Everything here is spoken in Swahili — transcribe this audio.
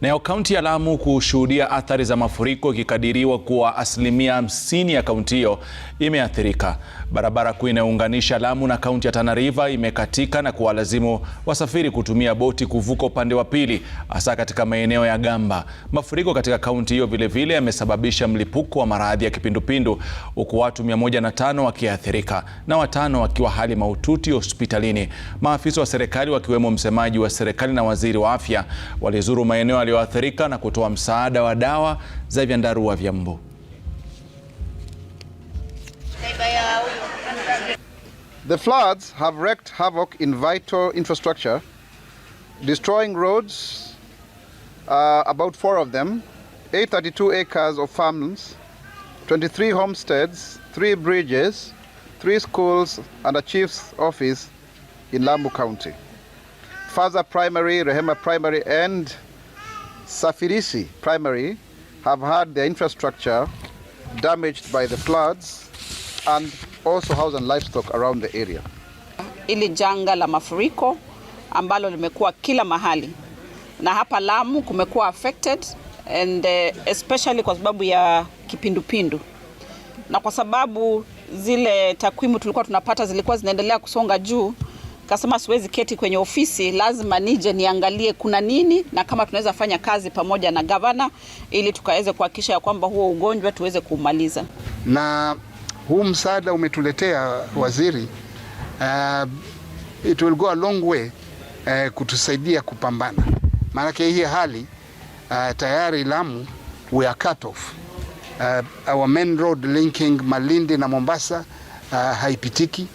Nayo kaunti ya Lamu kushuhudia athari za mafuriko ikikadiriwa kuwa asilimia 50 ya kaunti hiyo imeathirika. Barabara kuu inayounganisha Lamu na kaunti ya Tana River imekatika na kuwalazimu wasafiri kutumia boti kuvuka upande wa pili, hasa katika maeneo ya Gamba. Mafuriko katika kaunti hiyo vilevile yamesababisha mlipuko wa maradhi ya kipindupindu, huku watu 105 wakiathirika na watano wakiwa hali mahututi hospitalini. Maafisa wa serikali wakiwemo msemaji wa serikali na waziri wa afya walizuru maeneo walioathirika na kutoa msaada wa dawa za vyandarua vya mbu. The floods have wreaked havoc in vital infrastructure, destroying roads, uh, about four of them, 832 acres of farms, 23 homesteads, three bridges, three schools and a chief's office in Lamu County. Further primary, Rehema Primary and safirisi Primary have had their infrastructure damaged by the floods and also house and livestock around the area. Ili janga la mafuriko ambalo limekuwa kila mahali na hapa Lamu kumekuwa affected and eh, especially kwa sababu ya kipindupindu na kwa sababu zile takwimu tulikuwa tunapata zilikuwa zinaendelea kusonga juu kasema siwezi keti kwenye ofisi, lazima nije niangalie kuna nini na kama tunaweza fanya kazi pamoja na gavana ili tukaweze kuhakikisha ya kwamba huo ugonjwa tuweze kuumaliza. Na huu msaada umetuletea waziri, uh, it will go a long way uh, kutusaidia kupambana, maanake hii hali uh, tayari Lamu we are cut off. Uh, our main road linking Malindi na Mombasa uh, haipitiki